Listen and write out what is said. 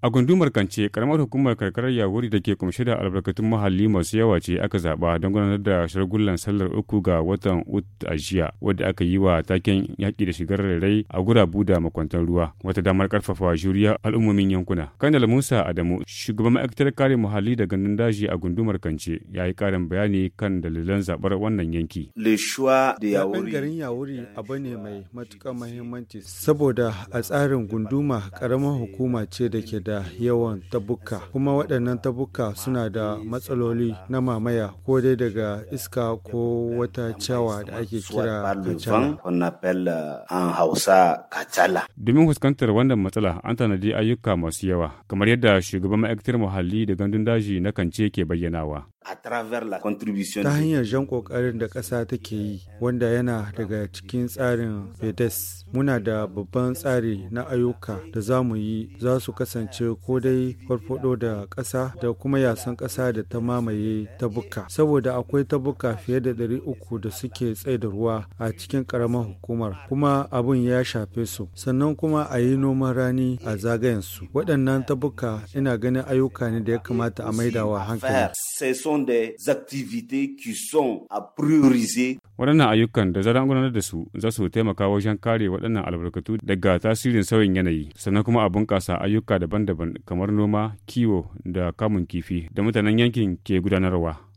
A gundumar Kance, karamar hukumar karkarar Yawuri da ke kumshe da albarkatun muhalli masu yawa ce aka zaba don gudanar da shargullan sallar uku ga watan Ut a wadda aka yi wa taken yaƙi da shigar rairai a gurabu da makwantar ruwa, wata damar karfafa juriya al'ummomin yankuna. Kanal Musa Adamu, shugaban ma'aikatar kare muhalli da gandun daji a gundumar Kance, ya yi ƙarin bayani kan dalilan zabar wannan yanki. Zaɓen garin Yawuri abu ne mai matuƙar muhimmanci saboda a tsarin gunduma ƙaramar hukuma ce da ke da yawan tabuka kuma waɗannan tabuka suna da matsaloli na mamaya ko dai daga iska ko wata cewa da ake kira kacala. Euh, Domin fuskantar wannan matsala an tanadi ayyuka masu yawa kamar yadda shugaban ma'aikatar muhalli da gandun daji na kance ke bayyanawa. ta hanyar jan kokarin da ƙasa take yi wanda yana daga cikin tsarin fedes muna da babban tsari na ayyuka da za mu yi za su kasance ko dai farfado da ƙasa da kuma yasan ƙasa da ta mamaye tabuka saboda akwai tabuka fiye da uku da suke tsaida ruwa a cikin ƙaramar hukumar kuma abun ya shafe su sannan kuma a yi noman rani a zagayensu waɗannan tabuka ina ganin ayyuka ne da ya kamata a maidawa hankali sont des activités qui sont à prioriser. Waɗannan ayyukan da zaran gudanar da su za su taimaka wajen kare waɗannan albarkatu daga tasirin sauyin yanayi sannan kuma a bunƙasa ayyuka daban-daban kamar noma, kiwo da kamun kifi da mutanen yankin ke gudanarwa.